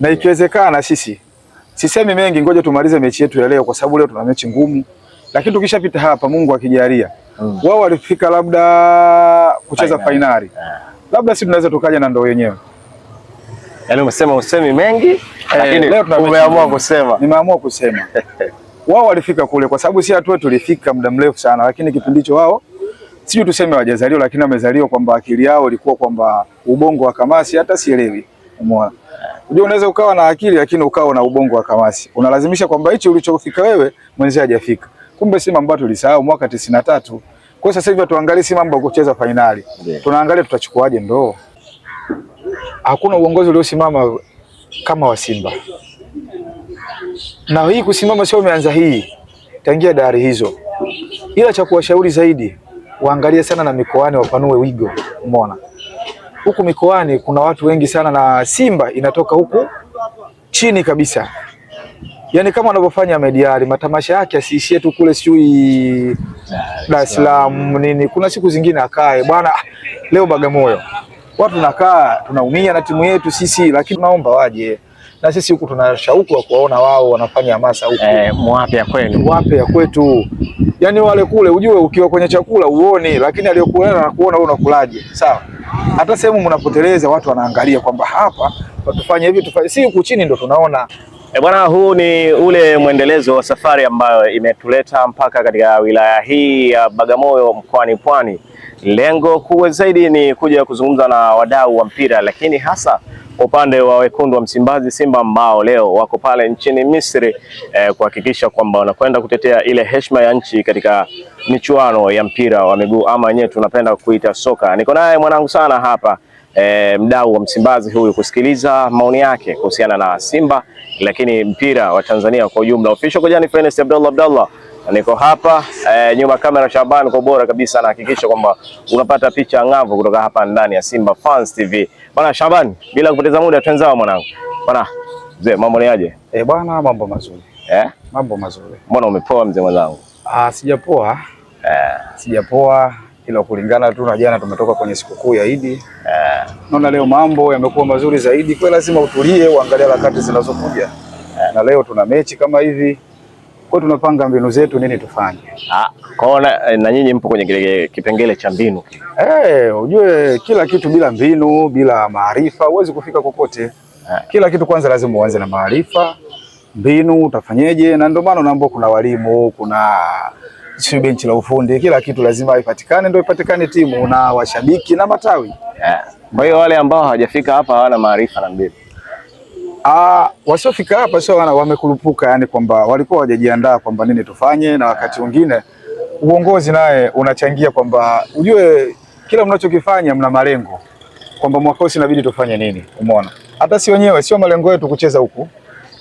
na ikiwezekana sisi sisemi mengi, ngoja tumalize mechi yetu ya leo, kwa sababu leo tuna mechi ngumu, lakini tukishapita hapa, Mungu akijalia mm. wao walifika labda kucheza fainali yeah. labda sisi tunaweza tukaja na ndoo yenyewe. Yaani umesema usemi mengi eh, lakini leo umeamua kusema. Nimeamua kusema wao walifika kule, kwa sababu si hatu tulifika muda mrefu sana, lakini kipindi hicho wao sijui tuseme wajazaliwa, lakini wamezaliwa kwamba akili yao ilikuwa kwamba ubongo wa kamasi, hata sielewi Umeona? Unajua unaweza ukawa na akili lakini ukawa na ubongo wa kamasi. Unalazimisha kwamba hicho ulichofika wewe mwenzia hajafika. Kumbe Simba ambayo tulisahau mwaka tisini na tatu. Kwa sasa hivi tuangalie Simba ambayo kucheza fainali. Yeah. Tunaangalia tutachukuaje ndo. Hakuna uongozi uliosimama kama wa Simba. Na hii kusimama sio umeanza hii tangia dari hizo, ila cha kuwashauri zaidi waangalie sana na mikoani, wapanue wigo. Umeona? huku mikoani kuna watu wengi sana, na Simba inatoka huku chini kabisa, yani kama wanavyofanya Mediari, matamasha yake asiishie tu kule sijui Dar es Salaam nini, kuna siku zingine akae bwana, leo Bagamoyo watu nakaa tunaumia na timu yetu sisi, lakini tunaomba waje na sisi huku tuna shauku wa kuwaona wao wanafanya hamasa huku eh, mwape ya kwenu, mwape ya kwetu. Yani wale kule, ujue ukiwa kwenye chakula uone, lakini aliyokuona na kuona wewe unakulaje, sawa hata sehemu mnapoteleza watu wanaangalia kwamba hapa tufanye hivi tufanye, si huku chini ndo tunaona e bwana. Huu ni ule mwendelezo wa safari ambayo imetuleta mpaka katika wilaya hii ya Bagamoyo mkoani Pwani. Lengo kuu zaidi ni kuja kuzungumza na wadau wa mpira, lakini hasa upande wa wekundu wa Msimbazi Simba ambao leo wako pale nchini Misri eh, kuhakikisha kwamba wanakwenda kutetea ile heshima ya nchi katika michuano ya mpira wa miguu ama wenyewe tunapenda kuita soka. Niko naye mwanangu sana hapa e, mdau wa Msimbazi huyu kusikiliza maoni yake kuhusiana na Simba lakini mpira wa Tanzania kwa ujumla. Official Kojani Finest Abdallah Abdallah niko hapa e, nyuma kamera Shaban kwa bora kabisa, nahakikisha kwamba unapata picha ng'avu kutoka hapa ndani ya Simba Fans TV. Bwana Shaban, bila kupoteza muda twenzao mwanangu. Bwana mzee, mambo ni aje? Eh, bwana mambo mazuri. Eh? Mambo mazuri. Mbona umepoa mzee mwanangu? Ah, sijapoa sijapoa ila kulingana tu na jana, tumetoka kwenye sikukuu ya Idi eh, naona leo mambo yamekuwa mazuri zaidi. Kwa lazima utulie, uangalie harakati zinazokuja eh, na leo tuna mechi kama hivi, kwa tunapanga mbinu zetu nini tufanye. Ah, kwa na, na nyinyi mpo kwenye kipengele cha mbinu eh, ujue kila kitu bila mbinu, bila maarifa huwezi kufika kokote eh. Kila kitu kwanza lazima uanze na maarifa, mbinu utafanyeje, na ndio maana naambiwa kuna walimu kuna si benchi la ufundi, kila kitu lazima ipatikane, ndio ipatikane timu na washabiki na matawi yeah. Kwa hiyo wale ambao hawajafika hapa hawana maarifa na mbili Ah, wasiofika hapa sio wana wamekurupuka, yani kwamba walikuwa hawajajiandaa kwamba nini tufanye, na wakati mwingine uongozi naye unachangia kwamba ujue kila mnachokifanya mna malengo kwamba mwaka huu inabidi tufanye nini. Umeona, hata si wenyewe sio malengo yetu kucheza huku,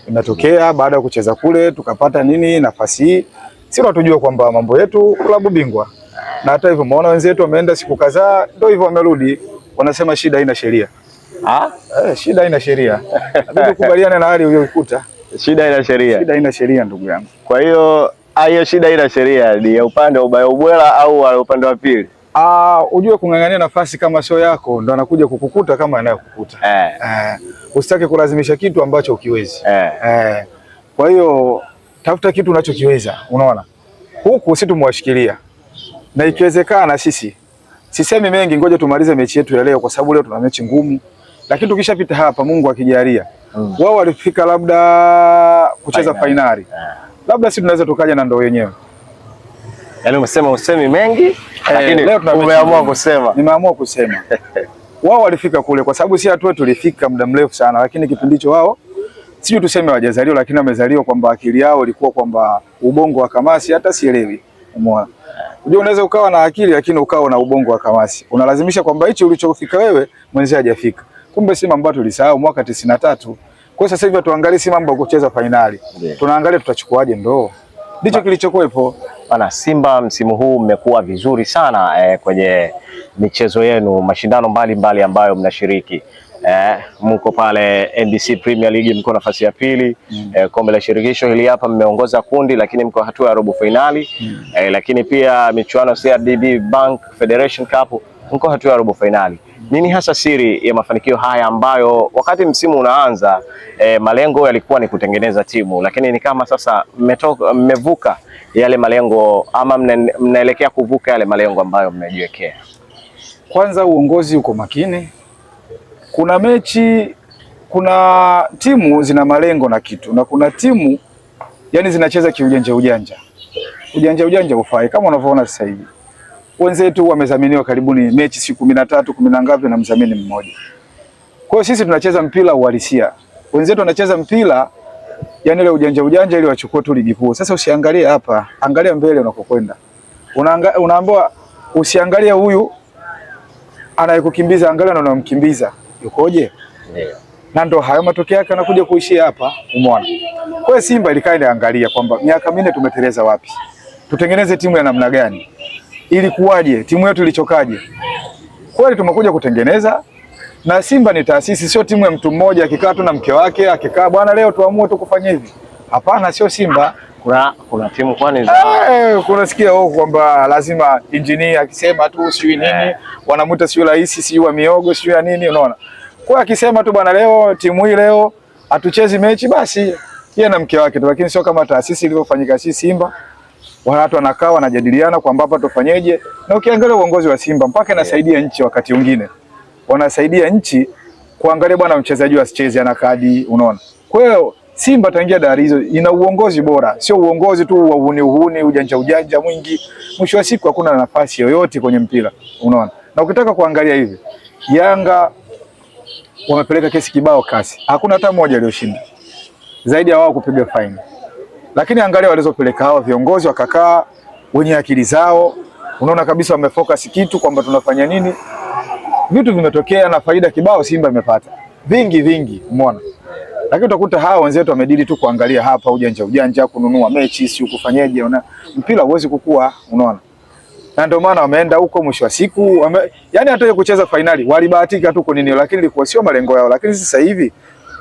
inatokea baada ya kucheza kule tukapata nini nafasi hii si natujua kwamba mambo yetu klabu bingwa, na hata hivyo maona wenzetu wameenda siku kadhaa, ndio hivyo wamerudi, wanasema shida haina sheria. Ah, eh, shida haina sheria kukubaliana na hali uliyokuta. Shida haina sheria, shida haina sheria, ndugu yangu. Kwa hiyo ah, hiyo shida haina sheria ni ya upande wa ubwela au upande wa pili? Ah, ujue kung'ang'ania nafasi kama sio yako ndo anakuja kukukuta kama anayokukuta eh. Eh, usitake kulazimisha kitu ambacho ukiwezi eh. Eh, kwa hiyo tafuta kitu unachokiweza, unaona huku sisi tumewashikilia na ikiwezekana, sisi sisemi mengi, ngoja tumalize mechi yetu ya leo, kwa sababu leo tuna mechi ngumu, lakini tukishapita hapa, Mungu akijalia mm. wao walifika labda kucheza fainali yeah. labda sisi tunaweza tukaja na ndo yenyewe. Yani umesema usemi mengi eh, lakini leo umeamua kusema, nimeamua kusema wao walifika kule, kwa sababu si hatuwe tulifika muda mrefu sana, lakini kipindi hicho wao sio tuseme wajazaliwa, lakini wamezaliwa kwamba akili yao ilikuwa kwamba ubongo wa kamasi, hata sielewi. Umeona, unajua unaweza ukawa na akili lakini ukawa na ubongo wa kamasi, unalazimisha kwamba hichi ulichofika wewe mwenzi hajafika. Kumbe Simba ambayo tulisahau mwaka tisini na tatu. Kwa sasa hivi tuangalie Simba ambayo kucheza fainali, tunaangalia tutachukuaje ndoo ndicho kilichokuwepo bana. Simba msimu huu mmekuwa vizuri sana eh, kwenye michezo yenu, mashindano mbalimbali mbali ambayo mnashiriki eh, mko pale NBC Premier League mko nafasi ya pili mm. eh, kombe la shirikisho hili hapa mmeongoza kundi, lakini mko hatua ya robo fainali mm. eh, lakini pia michuano CRDB Bank Federation Cup mko hatua ya robo fainali Nini hasa siri ya mafanikio haya ambayo wakati msimu unaanza eh, malengo yalikuwa ni kutengeneza timu, lakini ni kama sasa mmevuka yale malengo ama mnaelekea kuvuka yale malengo ambayo mmejiwekea? Kwanza uongozi uko makini kuna mechi, kuna timu zina malengo na kitu, na kuna timu yani zinacheza kiujanja ujanja ujanja ujanja ufai, kama unavyoona sasa hivi wenzetu wamezaminiwa karibuni mechi siku kumi na tatu kumi na ngapi na mzamini mmoja. Kwa hiyo sisi tunacheza mpira uhalisia, wenzetu wanacheza mpira yani ile ujanja ujanja ili wachukue tu ligi kuu. Sasa usiangalie hapa, angalia mbele unakokwenda. Unaambiwa usiangalie huyu anayekukimbiza, angalia na unamkimbiza yukoje? Na ndo hayo matokeo yake yanakuja kuishia hapa, umeona. Kwa hiyo Simba ilikaa inaangalia kwamba miaka minne tumeteleza wapi, tutengeneze timu ya namna gani, ilikuwaje, timu yetu ilichokaje? Kweli tumekuja kutengeneza na Simba ni taasisi, sio timu ya mtu mmoja akikaa tu na mke wake akikaa, bwana, leo tuamue tu kufanya hivi. Hapana, sio Simba kuna, kuna timu kwani za... eh, kuna sikia huko kwamba lazima engineer akisema tu sijui nini hey, eh. wanamwita sio rahisi sijui wa miogo sijui ya nini, unaona kwa akisema tu bwana, leo timu hii leo hatuchezi mechi, basi yeye na mke wake tu, lakini sio kama taasisi ilivyofanyika, si Simba wana watu wanakaa wanajadiliana kwamba hapa tufanyeje, na ukiangalia uongozi wa Simba mpaka inasaidia yeah, nchi wakati mwingine wanasaidia nchi kuangalia, bwana mchezaji asicheze ana kadi, unaona. Kwa hiyo Simba tangia dari hizo ina uongozi bora, sio uongozi tu wa uhuni uhuni, ujanja ujanja mwingi. Mwisho wa siku hakuna nafasi yoyote kwenye mpira, unaona. Na ukitaka kuangalia hivi, Yanga wamepeleka kesi kibao kasi, hakuna hata mmoja aliyoshinda zaidi ya wao kupiga faini. Lakini angalia walizopeleka hao viongozi, wakakaa wenye akili zao, unaona kabisa wamefocus kitu kwamba tunafanya nini. Vitu vimetokea na faida kibao Simba imepata vingi vingi, umeona lakini utakuta hawa wenzetu wamedili tu kuangalia hapa ujanja ujanja, kununua mechi, si ukufanyaje, una mpira huwezi kukua, unaona. Na ndio maana wameenda huko mwisho wa siku wame, yani hata kucheza fainali walibahatika tu kunini, lakini ilikuwa sio malengo yao. Lakini sasa hivi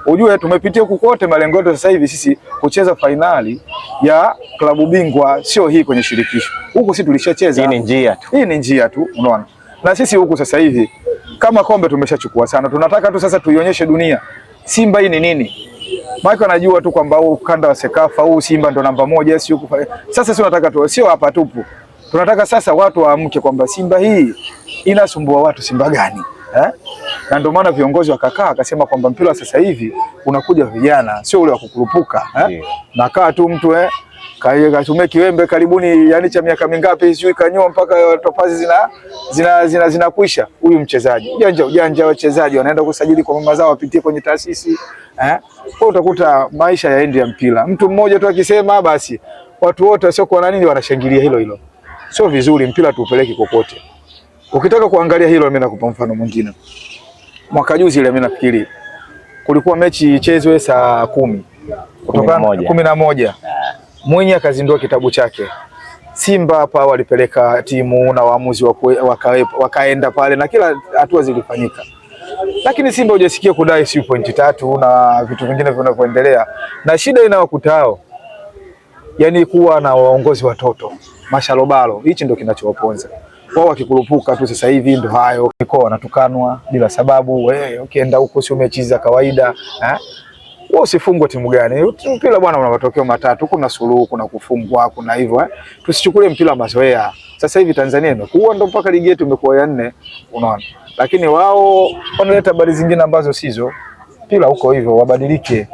ujue tumepitia huko kote, malengo yetu sasa hivi sisi kucheza fainali ya klabu bingwa, sio hii kwenye shirikisho. Huko sisi tulishacheza, hii ni njia tu, hii ni njia tu, unaona. Na sisi huku sasa hivi kama kombe tumeshachukua sana, tunataka tu sasa tuionyeshe dunia Simba hii ni nini? Mike anajua tu kwamba huu ukanda wa Sekafa huu Simba ndo namba moja, si huko. Sasa sio nataka tu, sio hapa tupu. Tunataka sasa watu waamke kwamba Simba hii inasumbua watu, Simba gani eh? Na ndio maana viongozi wakakaa akasema kwamba mpira sasa hivi unakuja vijana, sio ule wa kukurupuka eh? Yeah. Nakaa tu mtu eh katumia kiwembe karibuni, yani cha miaka mingapi sijui, kanyoa mpaka topazi zina zina zina zinakuisha. Huyu mchezaji ujanja ujanja, wachezaji wanaenda kusajili kwa mama zao, wapitie kwenye taasisi eh. Kwa utakuta maisha yaendi ya mpira, mtu mmoja tu akisema basi watu wote wasiokuwa na nini wanashangilia hilo hilo. Sio vizuri, mpira tuupeleke kokote. Ukitaka kuangalia hilo, mimi nakupa mfano mwingine. Mwaka juzi ile, mimi nafikiri kulikuwa mechi ichezwe saa kumi kutokana kumi na moja Mwinyi akazindua kitabu chake. Simba hapa walipeleka timu na waamuzi wakaenda pale na kila hatua zilifanyika, lakini Simba hujasikia kudai si pointi tatu na vitu vingine vinavyoendelea, na shida inawakutao yani kuwa na waongozi watoto masharobaro. Hichi ndio kinachowaponza wao, wakikurupuka tu sasa hivi ndio hayo, kikoa wanatukanwa bila sababu. Wewe ukienda huko sio mechi za kawaida eh? wewe usifungwe timu gani? Mpira bwana una matokeo matatu, kuna suluhu, kuna kufungwa, kuna hivyo eh. Tusichukulie mpira mazoea. Sasa hivi Tanzania imekuwa ndo mpaka ligi yetu imekuwa ya nne, unaona. Lakini wao wanaleta habari zingine ambazo sizo. Mpira uko hivyo, wabadilike.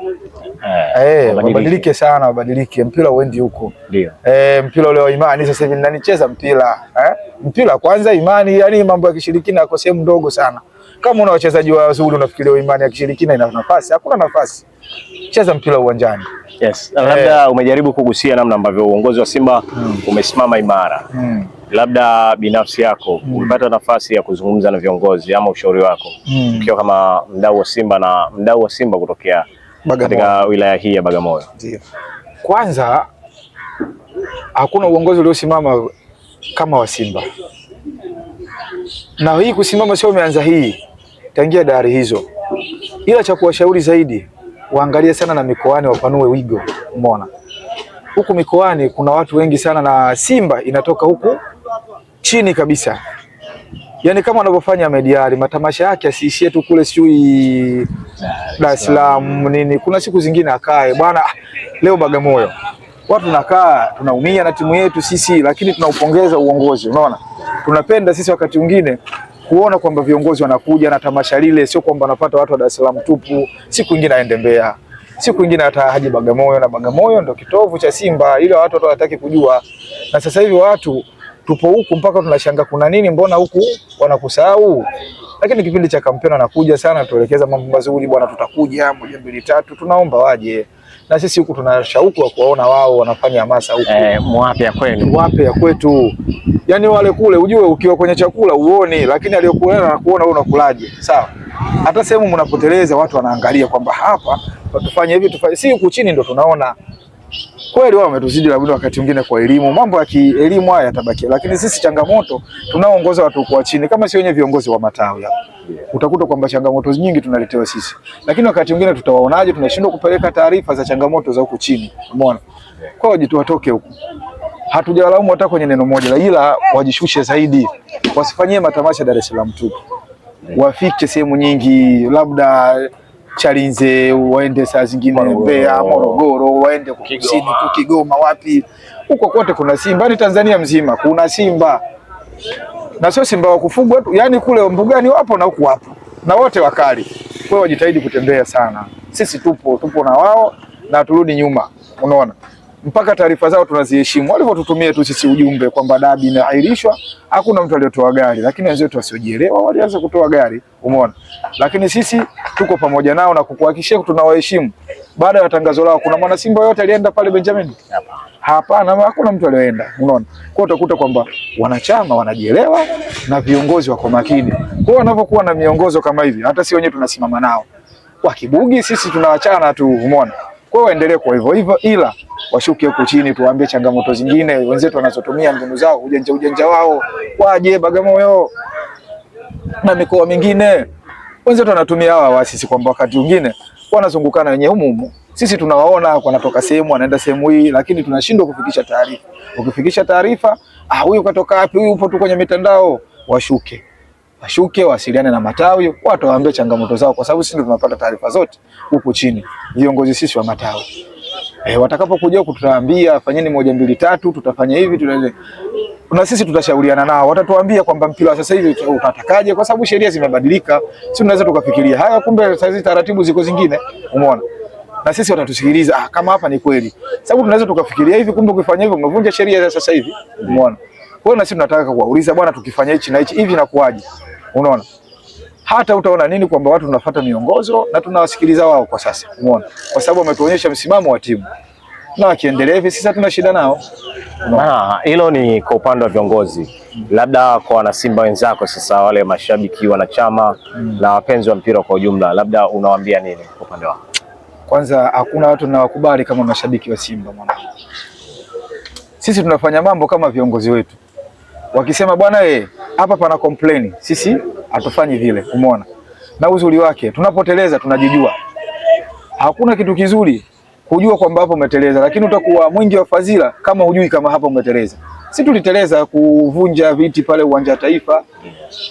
Eh, eh wabadilike sana, wabadilike. Mpira uendi huko. Ndio. Eh, mpira ule wa imani sasa hivi nani mpira? Eh? Mpira kwanza imani, yani mambo ya kishirikina yako sehemu ndogo sana. Kama una wachezaji wazuri unafikiria imani ya kishirikina ina nafasi? Hakuna nafasi, cheza mpira uwanjani. Yes, labda eh, umejaribu kugusia namna ambavyo uongozi wa Simba hmm, umesimama imara hmm, Labda binafsi yako hmm, ulipata nafasi ya kuzungumza na viongozi ama ushauri wako hmm, ukiwa kama mdau wa Simba na mdau wa Simba kutokea katika wilaya hii ya Bagamoyo? Ndio. Kwanza hakuna uongozi uliosimama kama wa Simba na hii kusimama sio umeanza hii tangia dari hizo, ila cha kuwashauri zaidi waangalie sana na mikoani, wapanue wigo. Umeona huku mikoani kuna watu wengi sana, na Simba inatoka huku chini kabisa, yaani kama wanavyofanya mediali matamasha yake asiishie tu kule sijui Dar es Salaam nini, kuna siku zingine akae bwana, leo Bagamoyo. Watu nakaa tunaumia na timu yetu sisi, lakini tunaupongeza uongozi, unaona tunapenda sisi wakati mwingine kuona kwamba viongozi wanakuja na tamasha lile, sio kwamba wanapata watu wa Dar es Salaam tupu. Siku nyingine aende Mbeya, siku nyingine hata haji Bagamoyo, na Bagamoyo ndo kitovu cha Simba, ile watu hawataki kujua. Na sasa hivi watu tupo huku mpaka tunashanga kuna nini, mbona huku wanakusahau? Lakini kipindi cha kampeni anakuja sana, tuelekeza mambo mazuri, bwana, tutakuja moja mbili tatu, tunaomba waje na sisi huku tuna shauku ya kuwaona wao wanafanya hamasa huku eh, mwape ya kwenu, mwape ya kwetu. Yani wale kule, ujue ukiwa kwenye chakula uone, lakini aliyokuona na kuona wewe unakulaje, sawa. Hata sehemu mnapoteleza watu wanaangalia kwamba hapa tufanye hivi, tufanye si huku chini ndo tunaona Kweli wao wametuzidi labda wakati mwingine kwa elimu, mambo ya kielimu haya yatabaki, lakini sisi changamoto tunaoongoza watu kwa chini, kama si wenye viongozi wa matawi yeah. utakuta kwamba changamoto nyingi tunaletewa sisi, lakini wakati mwingine tutawaonaje? Tunashindwa kupeleka taarifa za changamoto za huku chini, umeona? Kwa hiyo jitu huku, hatujalaumu hata kwenye neno moja la, ila wajishushe zaidi, wasifanyie matamasha Dar es Salaam tu, wafike sehemu nyingi labda Chalinze, waende saa zingine Mbeya, Morogoro, waende kusini Kigoma, wapi huko kote kuna simba. Ni Tanzania mzima kuna simba, na sio simba wa kufugwa tu, yani kule mbugani wapo na huku wapo na wote wakali. Kwa hiyo wajitahidi kutembea sana, sisi tupo tupo na wao na turudi nyuma, unaona mpaka taarifa zao tunaziheshimu. Walivyotutumia tu sisi ujumbe kwamba dabi inaahirishwa, hakuna mtu aliyotoa gari, lakini wenzetu wasiojielewa walianza kutoa gari, umeona. Lakini sisi tuko pamoja nao na kukuhakikishia tunawaheshimu. Baada ya tangazo lao, kuna mwana Simba yote alienda pale Benjamin? Hapana, hakuna mtu aliyoenda, unaona. Kwa utakuta kwamba wanachama wanajielewa na viongozi wako makini. Kwa wanapokuwa na miongozo kama hivi, hata si wenyewe tunasimama nao wakibugi, sisi tunawachana tu, umeona. Kwa hiyo waendelee kwa hivyo hivyo, ila washuke huko chini, tuwaambie changamoto zingine wenzetu wanazotumia mbinu zao ujanja ujanja wao, waje Bagamoyo na mikoa mingine. Wenzetu wanatumia hawa waasisi kwamba wakati mwingine wanazungukana wenye humu humu sisi tunawaona wanatoka sehemu wanaenda sehemu hii, lakini tunashindwa kufikisha taarifa. Ukifikisha taarifa, ah, huyu katoka wapi? Huyu upo tu kwenye mitandao. Washuke washuke, wasiliane na matawi, watu waambie changamoto zao, kwa sababu sisi ndio tunapata taarifa zote huko chini, viongozi sisi wa matawi e, watakapokuja kututaambia fanyeni moja mbili tatu, tutafanya hivi tutaende na sisi tutashauriana nao, watatuambia kwamba mpira wa sasa hivi utatakaje, kwa sababu sheria zimebadilika, si tunaweza tukafikiria haya, kumbe sasa hizi taratibu ziko zingine, umeona na sisi watatusikiliza. Ah, kama hapa ni kweli, sababu tunaweza tukafikiria hivi, kumbe ukifanya hivyo umevunja sheria za sasa hivi, umeona hiyo, na sisi tunataka kuwauliza bwana, tukifanya hichi na hichi hivi inakuwaje? Unaona, hata utaona nini kwamba watu tunafuata miongozo na tunawasikiliza wao kwa sasa, umeona, kwa sababu wametuonyesha msimamo wa timu na wakiendelea hivi sisi hatuna shida nao. Ah, hilo ni kwa upande wa viongozi, labda kwa wanasimba wenzako sasa, wale mashabiki, wanachama hmm, na wapenzi wa mpira kwa ujumla, labda unawaambia nini kwa upande wao? Kwanza hakuna watu nawakubali kama mashabiki wa Simba mwana. Sisi tunafanya mambo kama viongozi wetu, wakisema bwana we eh, hapa pana complain, sisi hatufanyi vile. Umeona na uzuri wake, tunapoteleza tunajijua. Hakuna kitu kizuri kujua kwamba hapo umeteleza, lakini utakuwa mwingi wa fadhila kama hujui kama hapo umeteleza. Si tuliteleza kuvunja viti pale uwanja wa Taifa,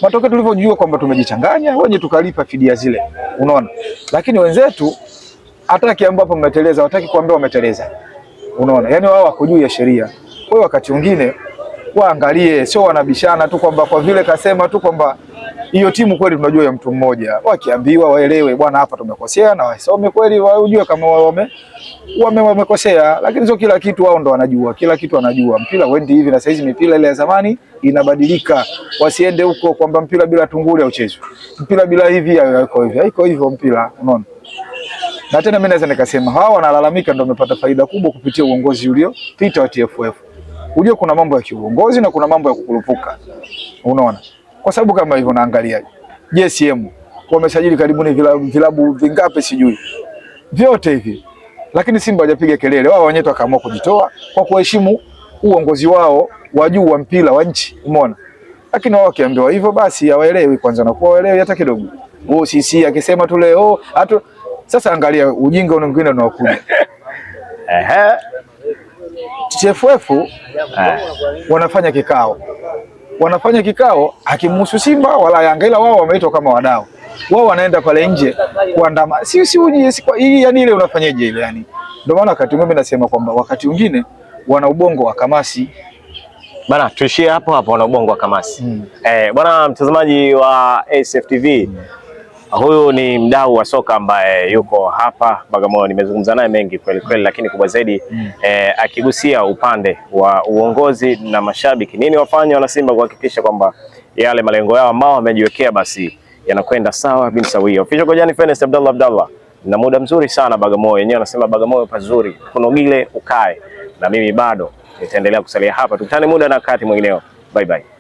matokeo tulivyojua kwamba tumejichanganya wenye tukalipa fidia zile, unaona. Lakini wenzetu hataki ambapo umeteleza, hataki kuambia umeteleza, unaona. Yani wao hawakujui ya sheria, kwa hiyo wakati mwingine waangalie, sio wanabishana tu kwamba kwa vile kasema tu kwamba hiyo timu kweli tunajua ya mtu mmoja. Wakiambiwa waelewe, bwana, hapa tumekosea, na wasome kweli, wajue kama wame wame wamekosea, lakini sio kila kitu wao ndo wanajua. Kila kitu wanajua, mpira wendi hivi na saa hizi mipira ile ya zamani inabadilika. Wasiende huko kwamba mpira bila tunguli hauchezwi, mpira bila hivi haiko hivi, haiko hivyo mpira, unaona. Na tena mimi naweza nikasema hawa wanalalamika, ndio wamepata faida kubwa kupitia uongozi uliopita wa TFF. Unajua kuna mambo ya kiuongozi na kuna mambo ya kukurupuka. Unaona? Kwa sababu kama hivyo naangalia. JCM wamesajili karibu ni vilabu, vilabu vingapi sijui. Vyote hivi. Lakini Simba hajapiga kelele. Wao wenyewe wakaamua kujitoa kwa kuheshimu uongozi wao wa juu wa mpira wa nchi. Umeona? Lakini wao wakiambiwa hivyo basi hawaelewi kwanza na kuwaelewi hata kidogo. Oh, sisi akisema tu leo hata sasa angalia ujinga mwingine unaokuja. Ehe. TFF eh. wanafanya kikao wanafanya kikao akimhusu Simba wala Yanga, ila wao wameitwa kama wadau, wao wanaenda pale nje kuandama, si si hii, yani ile unafanyaje ile yani. Ndio maana wakati mwingine nasema kwamba wakati mwingine wana ubongo wa kamasi bana, tuishie hapo hapo, wana ubongo wa kamasi hmm. Eh, bwana mtazamaji wa ASF TV mm. Huyu ni mdau wa soka ambaye yuko hapa Bagamoyo. Nimezungumza naye mengi kweli kweli, lakini kubwa zaidi mm. eh, akigusia upande wa uongozi na mashabiki, nini wana wanasimba kuhakikisha kwamba yale malengo yao ambao wamejiwekea basi yanakwenda sawa bin sawia. Official Kojani Fenest Abdallah Abdallah na muda mzuri sana Bagamoyo, yenyewe anasema Bagamoyo pazuri kunogile ukae, na mimi bado nitaendelea kusalia hapa. Tukutane muda na wakati mwingineo, bye bye.